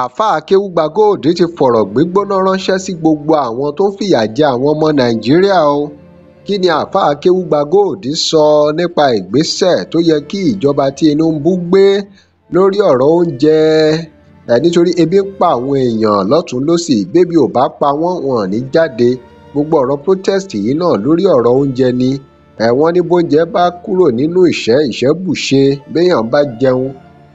àáfàá kéúgbàgold ti fọrọ gbígbóná ránṣẹ sí gbogbo àwọn tó ń fìyà jẹ àwọn ọmọ nàìjíríà o kí ni àáfàá kéúgbàgold sọ nípa ìgbésẹ tó yẹ kí ìjọba tinubu gbé lórí ọrọ oúnjẹ ẹ nítorí ebi ń pa àwọn èèyàn lọtún lọsì bẹbí ò bá pa wọn wọn ní jáde gbogbo ọrọ protest yìí náà lórí ọrọ oúnjẹ ni ẹwọn ní bóúnjẹ bá kúrò nínú ìṣẹ ìṣẹ bùṣe béèyàn bá jẹun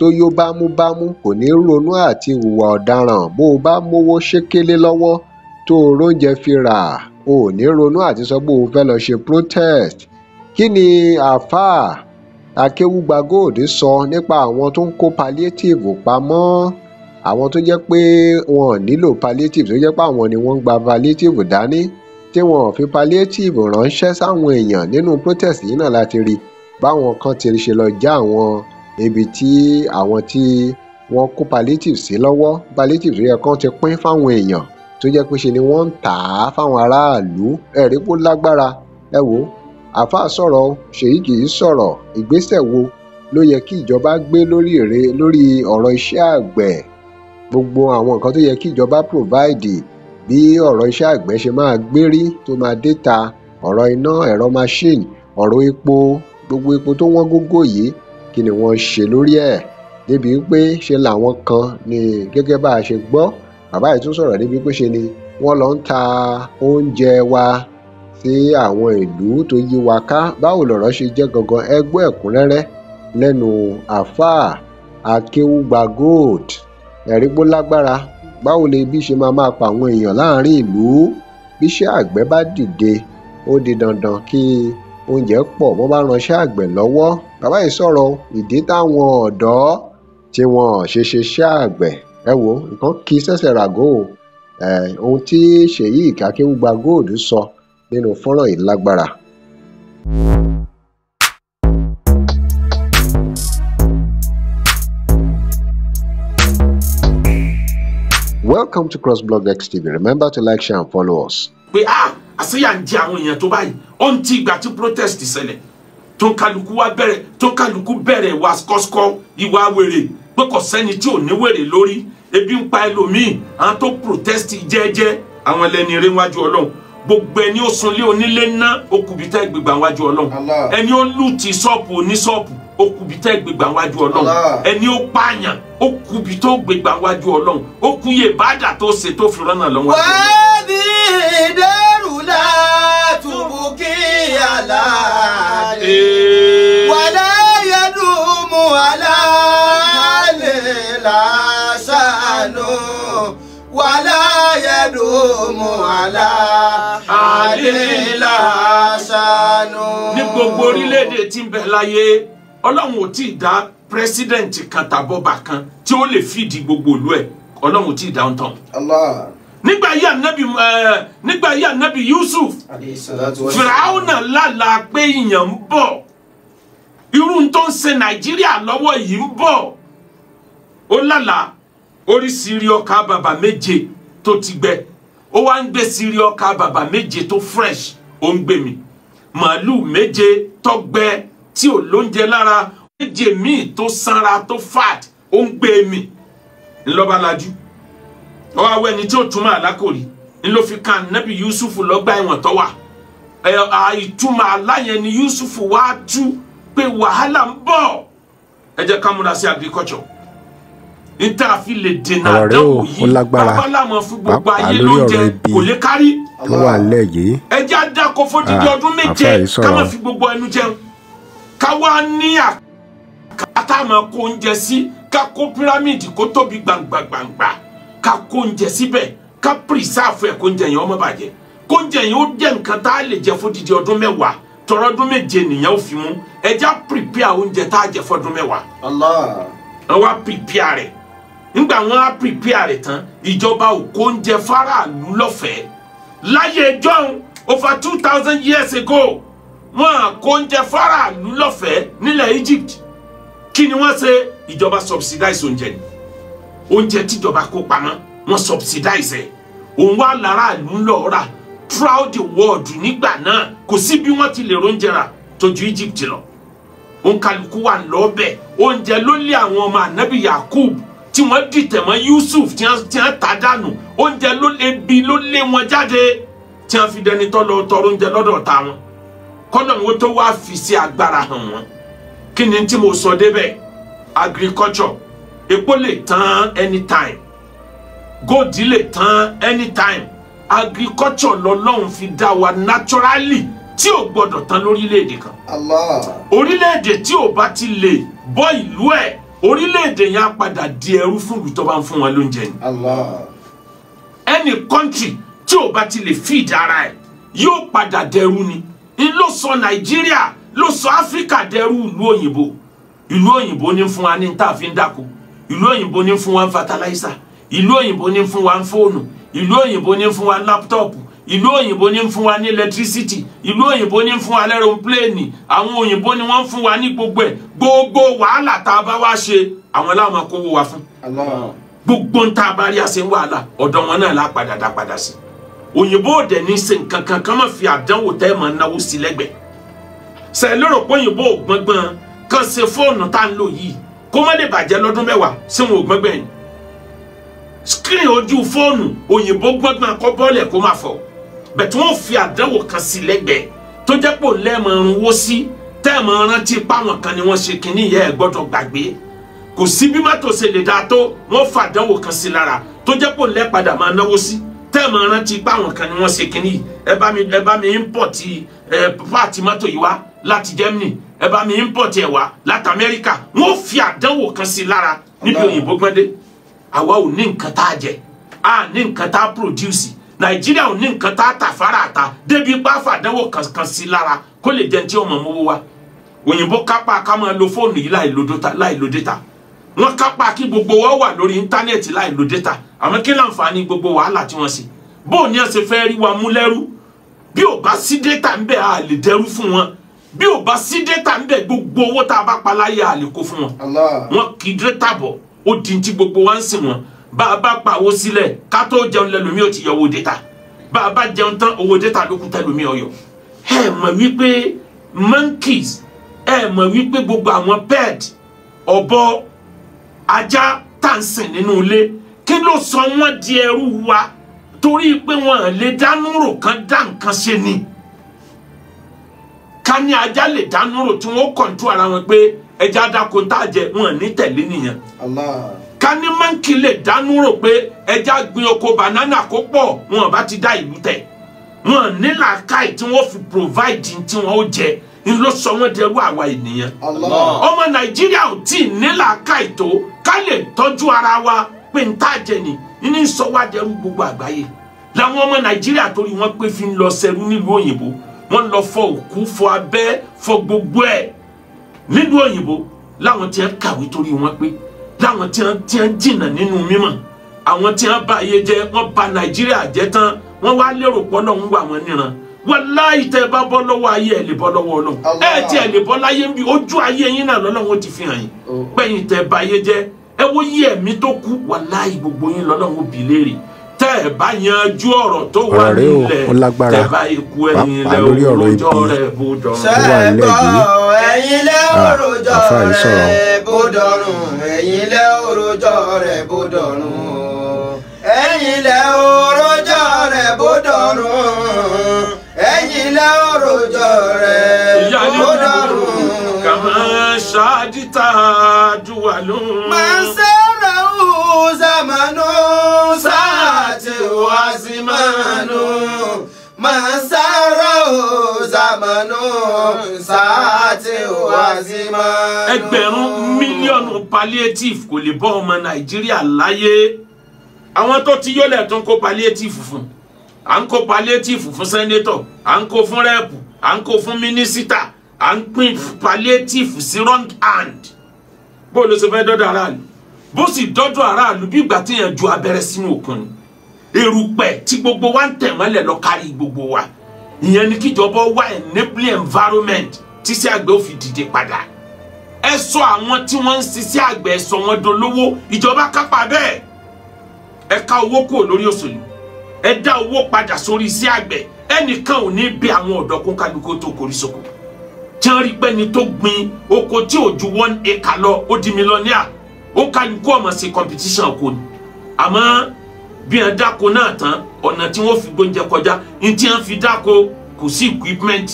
tó yó bámúbámú kò ní ronú àti hùwà ọ̀daràn bó o bá mówó ṣékélé lọ́wọ́ tó o róúnjẹ fi rà o ò ní ronú àti sọ pé o fẹ́ lọ ṣe protest kí ni àáfàá akéwúgba gold sọ nípa àwọn tó ń kó palliative pamọ́ àwọn tó jẹ́ pé wọn nílò palliative tó jẹ́ pé àwọn ni wọ́n ń gba palliative dání tí wọn ò fi palliative ránṣẹ́ sáwọn èèyàn nínú protest yìí náà láti rí báwọn kan ti ṣe lọ já àwọn ibi tí àwọn tí wọ́n kó palliative sí lọ́wọ́ palliative tó yẹ kán ti pín fáwọn èèyàn tó jẹ́ pé ṣe ni wọ́n ń tà á fáwọn aráàlú ẹ̀rí pó lágbára ẹ wò àáfàá sọ̀rọ̀ ṣèyí kì í sọ̀rọ̀ wo ló yẹ kí ìjọba gbé lórí èrè lórí ọ̀rọ̀ iṣẹ́ àgbẹ̀ gbogbo àwọn nǹkan tó yẹ kí ìjọba provide bí ọ̀rọ̀ iṣẹ́ àgbẹ̀ ṣe máa gbérí tó máa déta ọ̀rọ̀ iná ẹ̀rọ machine ọ̀rọ̀ epo gbogbo epo tó wọ́n gógó yìí kí ni wọ́n ṣe lórí ẹ̀ débi pé ṣe làwọn kan ni gẹ́gẹ́ bá a ṣe gbọ́ bàbá yìí tún sọ̀rọ̀ débi pé ṣe ni wọ́n lọ ń ta oúnjẹ wa sí àwọn ìlú tó yí wa ká báwo lọ̀rọ̀ ṣe jẹ́ gangan ẹgbẹ́ ẹ̀kúnrẹ́rẹ́ lẹ́nu àáfàá akéwúgba gold ẹ̀rí pó lágbára báwo lè bí ṣe máa máa pa àwọn èèyàn láàrin ìlú bí iṣẹ́ àgbẹ̀ bá dìde ó di dandan kí oúnjẹ pọ̀ wọ́n bá ránṣẹ́ àgbẹ̀ lọ́wọ́ bàbá yìí sọ̀rọ̀ ìdí táwọn ọ̀dọ́ tí wọn ṣe ṣe iṣẹ́ àgbẹ̀ ẹ wo nǹkan kì í ràgó o ohun tí Ṣèyí Akíngba Gold sọ nínú fọ́nrán yìí lágbára. Welcome to CrossblogX XTV. Remember to like, share, and follow us. We are. Ah, àṣeyà ń jẹ àwọn èèyàn tó báyìí ó ń ti ìgbà tí protest ṣẹlẹ̀ tó kálukú wá bẹ̀rẹ̀ tó kálukú bẹ̀rẹ̀ wá kọ́síkọ́ ìwà wèrè pé kò sẹ́ni tí ò ní wèrè lórí ebi ń pa ẹlòmíì àwọn tó protest jẹ́ẹ́jẹ́ àwọn ẹlẹ́ni eré wájú ọlọ́run gbogbo ẹni ó sunlé onílé ná okùnbí tẹ́ gbégbá wájú ọlọ́run ẹni ó lù ti ṣọ́ọ̀pù oníṣọ́ọ̀pù okùnbí tẹ́ gbégbá wájú ọlọ́run ẹni ó pààyàn ó kú ibi tó gbégbá wájú ọlọ́run ó kú iye bàdà tó ṣe tó fi rọ́nà lọ́wọ́. wáàbí ìdẹ́rù látùbùkì aláàdé wàlá yẹdùmù aláàlè làṣàánú wàlá yẹdùmù aláàlè làṣàánú. ní gbogbo orílẹ̀-èdè tí ń bẹ láyé ọlọ́run ò tí ì dá president kan tàbọ̀bà kan tí ó lè fìdí gbogbo ìlú ẹ̀ ọlọ́run ò tí ì dá ń tán. nígbà yìí anabi nígbà yìí anabi Yusuf fìràwọnà lálàá pé ìyàn ń bọ̀ irú tó ń ṣe Nàìjíríà lọ́wọ́ yìí ń bọ̀ ó lálàá orí siri ọkà bàbà méje tó ti gbẹ ó wá ń gbé siri ọkà bàbà méje tó fresh ó ń gbé mi màálù méje tó gbẹ tí ò lóúnjẹ lára méje míì tó sanra tó fat ó ń gbé mi ńlọba lajú ọwọ́ awọ ẹni tí ó túmọ̀ àlákòrí ńlọ fi kan nẹ́bí Yusuf lọ́gbà ẹ̀wọ̀n tó wà ìtumọ̀ aláyẹn ni Yusuf wá tú pé wàhálà ń bọ̀ ẹ jẹ́ ká múra sí agriculture níta fi lè dènà àdánwò yìí babaláwo fún gbogbo ayé lóúnjẹ kò lè kárí ẹ jẹ́ àdàkọ fódìdí ah, ọdún méje ká má fi gbogbo ẹnu jẹun ká wá ní àkàtà máa kó oúnjẹ sí ká kó pírámìdì kó tóbi gbàǹgbàǹgbà ká kó oúnjẹ síbẹ̀ ká pírísàfù ẹ̀ kó oúnjẹ yẹn ó má bàjẹ́ kó oúnjẹ yẹn ó jẹ́ nǹkan tá a lè jẹ fún dídí ọdún mẹ́wàá tọrọ ọdún méje nìyẹn ó fi mú ẹja pìrìpìà oúnjẹ tá a jẹ fọdún mẹ́wàá. Allah. wọn wá pìrìpìà rẹ nígbà wọn á pìrìpìà rẹ tán ìjọba ò kó oúnjẹ faraàlú lọ́fẹ̀ẹ́ láyé ẹjọ́ over two thousand years ago wọn kó oúnjẹ faraàlú lọ́fẹ̀ẹ́ nílẹ̀ Egypt kí ni wọ́n ṣe ìjọba subsidize oúnjẹ ni oúnjẹ tíjọba kó pamọ́ wọ́n subsidize ẹ̀ òun wá láràlú ńlọ rà throughout the world nígbà náà kò sí bí wọ́n ti lè róúnjẹ rà tó Egypt lọ òǹkàlùkù wà lọ́bẹ̀ oúnjẹ ló lé àwọn ọmọ ànábì Yakub tí wọ́n dìtẹ̀ mọ́ Yusuf tí wọ́n ta dànù oúnjẹ ló lé bi ló lé wọn jáde tí wọ́n fi dẹni tọ́ lọ tọrọ oúnjẹ lọ́dọ̀ ta wọn kọ́nà wọn tó wá fi sí agbára hàn wọ́n kí ni tí mo sọ débẹ̀ agriculture epo lè tán anytime gold lè tán anytime agriculture lọ́lọ́run fi dá wa naturally tí ò gbọdọ̀ tán lórílẹ̀‐èdè kan Allah orílẹ̀‐èdè tí ò bá ti lè bọ́ ìlú ẹ̀ orílẹ̀‐èdè yẹn á padà di ẹrú fún ìlú tó bá ń fún wọn lóúnjẹ ni Allah any country tí ò bá ti lè feed ara ẹ̀ yóò padà dẹrú ni ló sọ nàìjíríà ló sọ áfíríkà dẹrú ìlú òyìnbó ìlú òyìnbó ní fún wa ní tá a fi ń dáko ìlú òyìnbó ní fún wa ń fatalaisa ìlú òyìnbó ní fún wa ń fóònù ìlú òyìnbó ní fún wa ń láptọ̀pù ìlú òyìnbó ní fún wa ní ẹlẹtírísítì ìlú òyìnbó ní fún wa lẹ́rọ̀pléènì àwọn òyìnbó ni wọ́n fún wa ní gbogbo ẹ̀ gbogbo wàhálà tá a bá wá ṣe àwọn láwọn máa kówó wa fún gbogbo ń tá a àṣẹ wàhálà ọ̀dọ̀ wọn náà lápadà dá sí i òyìnbó dẹ̀ ní ṣe nǹkan kan ká má fi àdánwò tẹ́ máa náwó sí lẹ́gbẹ̀ẹ́ ṣe lérò pé òyìnbó ò gbọ́ngbọ́n kan ṣe fóònù tá ń lò yìí kó má lè bàjẹ́ lọ́dún mẹ́wàá ṣé wọn ò gbọ́ngbọ́n yìí screen ojú fóònù òyìnbó gbọ́ngbọ́n kọ́ bọ́ọ̀lẹ̀ kó má fọ̀ bẹ̀tí wọ́n fi àdánwò kan sí lẹ́gbẹ̀ẹ́ tó jẹ́ pò lẹ́ẹ̀mọ̀ runwó sí tẹ́ẹ̀mọ̀ rántí páwọn kan ni wọ́n ṣe kinní yẹ ẹ̀ gbọ́dọ̀ gbàgbé kò sí bí mọ́tò ṣe lè dáa tó wọ́n fàdánwò kan sí lára tó jẹ́ pò lẹ́ẹ̀ máa náwó sí. Si tẹ́ẹ̀mù rántí páwọn kan ni wọ́n ṣe kínní ẹ bá mi ẹ bá mi ímpọ̀tì ẹ pààtì mọ́tò yìí wá láti Germany ẹ bá mi ímpọ̀tì ẹ̀ wá láti Amẹ́ríkà wọ́n fi àdánwò kan sí lára níbi òyìnbó gbọ́ndé àwa ò ní nǹkan tá a jẹ a ní nǹkan tá a produce Nàìjíríà ò ní nǹkan tá a tà fara àta débi bá fàdánwò kankan sí lára kó lè jẹun tí ọmọ mowó wa òyìnbó kápá ká máa lo fóònù yìí láì lo data wọ́n kápá kí gbogbo wa wà lórí íńtánẹ́ẹ̀tì láì lo data àmọ́ kí láǹfààní gbogbo wàhálà tí wọ́n ṣe bóò ní ọ̀sẹ̀ fẹ́ rí wa mú lẹ́rú bí ò bá sí data ń bẹ a lè dẹrú fún wọn bí ò bá sí data ń bẹ gbogbo owó tá a bá pa láyé a lè kó fún wọn wọn kì í data bọ̀ ó di ti gbogbo wa ń sìn wọn bá a bá pa owó sílẹ̀ ká tó jẹun lẹ́lòmí ò ti yọ owó data bá a bá jẹun tán owó data ló kú tẹ́lòmí ọ̀yọ́ ẹ mọ̀ wípé monkeys ẹ mọ̀ wípé gbogbo àwọn pet ọ̀bọ ajá tàǹsìn nínú ilé kí ló sọ wọ́n di ẹrú wa torí pé wọn lè dánú rò kán dá nǹkan ṣe ni ká ní ajá lè dánú rò tí wọn kọńtú ara wọn pé ẹja dáko tá a jẹ wọn ní tẹ̀lé nìyẹn ká ní mọ́ǹkì lè dánú rò pé ẹja gbin oko banana kó pọ̀ wọn bá ti dá ìlú tẹ̀ wọn ní làákàyè tí wọn fi provide tí wọn ó jẹ ló sọ wọn dẹrú àwa ènìyàn ọmọ nàìjíríà ò tí ì nílà káìtó ká lè tọ́jú ara wa pé n tá jẹ ni ní sọ wá dẹrú gbogbo àgbáyé làwọn ọmọ nàìjíríà torí wọn pé fi ń lọ sẹrú nílùú òyìnbó wọn lọ fọ òkú fọ abẹ fọ gbogbo ẹ nílùú òyìnbó láwọn tí wọn kàwé torí wọn pé láwọn tí wọn tí wọn jìnnà nínú mímọ̀ àwọn tí wọn bá ayé jẹ wọn bà nàìjíríà jẹ́ tán wọn wá lérò pọlọ ń wà wọn níran wàláyì tẹ bá bọ́ lọ́wọ́ ayé ẹ lè bọ́ lọ́wọ́ Ọlọ́run ẹ tí ẹ lè bọ́ láyé ń bi ojú ayé yín náà lọ́lọ́run ti fi hàn yín oh. gbẹ̀yìn tẹ bá yé jẹ ẹ wo yí ẹ̀mí tó kú wàláyì gbogbo yín lọ́lọ́run bì léèrè tẹ ẹ bá yanjú ọ̀rọ̀ tó wà nílẹ̀ tẹ bá ikú ẹ̀yin lẹ òròjọ rẹ bódọrùn. sẹ́ẹ̀kọ́ ẹ̀yin lẹ òròjọ rẹ tààdù wà ló. màá sára òòzàmánú sáàtì wàásìmánú màá sára ẹgbẹ̀rún mílíọ̀nù palliative kò lè bọ́ ọmọ nàìjíríà láyé àwọn tó ti yọlẹ̀ tó ń kó palliative fún à ń kó palliative fún sẹ́nétọ̀ à ń kó fún rẹ́ẹ̀pù à ń kó fún mínísítà à ń pín palliative sí wrong hand bó ló ṣe fẹ́ dọ́dọ̀ aráàlú bó sì dọ́dọ̀ aráàlú bí ìgbà tí èèyàn ju abẹ́rẹ́ sínú òkun ni erùpẹ̀ tí gbogbo wa ń tẹ̀ lọ kárí gbogbo wa ìyẹn ni kíjọba wá enabling environment tí sí àgbẹ̀ ò fi dìde padà ẹ sọ àwọn tí wọ́n ń ṣiṣẹ́ àgbẹ̀ sọ wọn dolówó ìjọba kápá bẹ́ẹ̀ ẹ ká owó kúrò lórí òṣèlú ẹ dá owó padà sórí iṣẹ́ àgbẹ̀ ẹnìkan ò ní bí àwọn ọ̀dọ́ kálukú tó korí sóko tí wọ́n rí pé ẹni tó gbin oko tí ò ju one acre lọ ó di mílíọ̀nìà ó kálukú ọmọ sí competition oko ni àmọ́ bí wọ́n dáko náà tán ọ̀nà tí wọ́n fi gbóúnjẹ kọjá ní tí wọ́n fi dáko kò sí equipment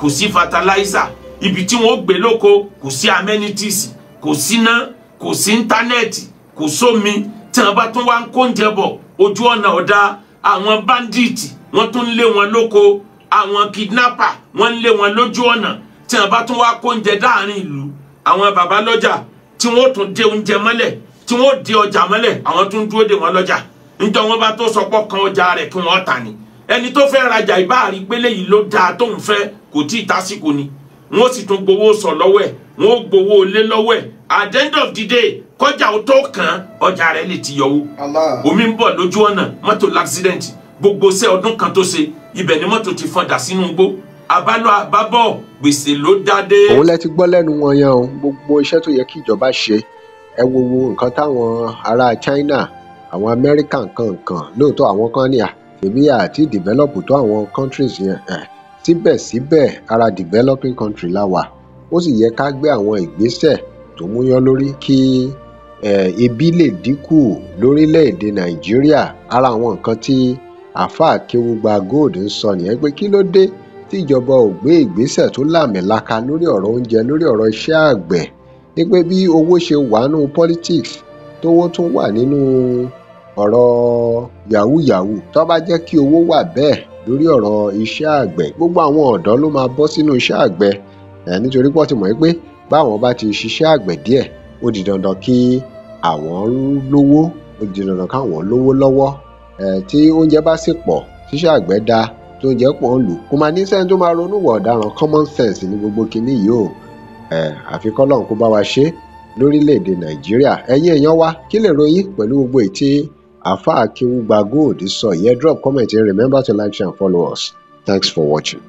kò sí fertilizer ibi tí wọ́n gbé lóko kò sí amenities kò síná kò sí íńtánẹ́ẹ̀tì kò sómi tí wọ́n bá tún wá ń kóúnjẹ bọ̀ ojú ọ̀nà ọ̀dà àwọn bandits wọ́n tún lé wọn lóko àwọn kidnapper wọ́n lé wọn lójú ọ̀nà tí wọn bá tún wá kó oúnjẹ dáàrin ìlú àwọn bàbá lọ́jà tí wọn ó tún dé oúnjẹ mọ́lẹ̀ tí wọn ó dé ọjà mọ́lẹ̀ àwọn tún dúró dè wọn lọ́jà níjọ́ wọn bá tó sọpọ kan ọjà rẹ̀ kí wọn tà ní ẹni tó fẹ́ rajà ìbáàrí gbélé yìí ló dáa tóun fẹ́ kò tí ì tásìkò ni wọn ó sì tún gbowó sọ lọ́wọ́ ẹ̀ wọn ó gbowó lé lọ́wọ́ ẹ̀ at the end of the day kọjá o tó kàn ọjà rẹ̀ lè ti yọwó omi ń bọ̀ lójú ọ̀nà mọ́tò l'accident gbogbo ṣẹ́ ọdún kan tó ṣe ibẹ̀ ni mọ́tò ti fọdà sínú igbó abálọ àbábọ̀ gbèsè ló dádé. òun lẹ ti gbọ́ lẹ́nu wọn yẹn o gbogbo iṣẹ́ tó yẹ kí ìjọba ṣe ẹ wo wo nǹkan táwọn ará China àwọn Amẹ́ríkà nǹkan nǹkan lóòótọ́ àwọn kan ní à tèmi àti develop tó àwọn countries yẹn ẹ̀ síbẹ̀síbẹ̀ ara developing country la wà ó sì yẹ ká gbé àwọn ìgbésẹ̀ tó múyán lórí kí ebi lè dínkù lórílẹ̀‐èdè Nàìjíríà ara àwọn nǹkan tí àáfàá Akéwùgbà Gold ń sọ nìyẹn pé kí ló dé tíjọba ò gbé ìgbésẹ̀ tó láàmìlaka lórí ọ̀rọ̀ oúnjẹ lórí ọ̀rọ̀ iṣẹ́ àgbẹ̀ ni pé bí owó ṣe wà nínú politics tówó tún wà nínú ọ̀rọ̀ yahoo yahoo tó bá jẹ́ kí owó wà bẹ́ẹ̀ lórí ọ̀rọ̀ iṣẹ́ àgbẹ̀ gbogbo àwọn ọ̀dọ́ ló máa bọ́ sínú iṣẹ́ àgbẹ̀ ẹ̀ nítorí pọ́ ti mọ̀ pé báwọn bá ti ṣiṣẹ́ àgbẹ̀ díẹ̀ ó di dandan kí àwọn lówó ó di dandan káwọn lówó lọ́wọ́ ẹ̀ tí oúnjẹ bá sì pọ̀ ṣiṣẹ́ àgbẹ̀ dáa tó ń jẹ́ pọ̀ ń lù kó máa ní sẹ́ni tó máa ronú wọ̀ ọ̀daràn common sense ní gbogbo kinní yìí o àfi kọ́lọ́run kó bá wa ṣe lórílẹ̀‐èdè nàìjíríà ẹ̀yin èèyàn wa kí lè ròyìn pẹ̀lú gbogbo ètí àfa akéwùgbà gold sọ ìyẹn drop comment remember to like share and follow us thanks for watching.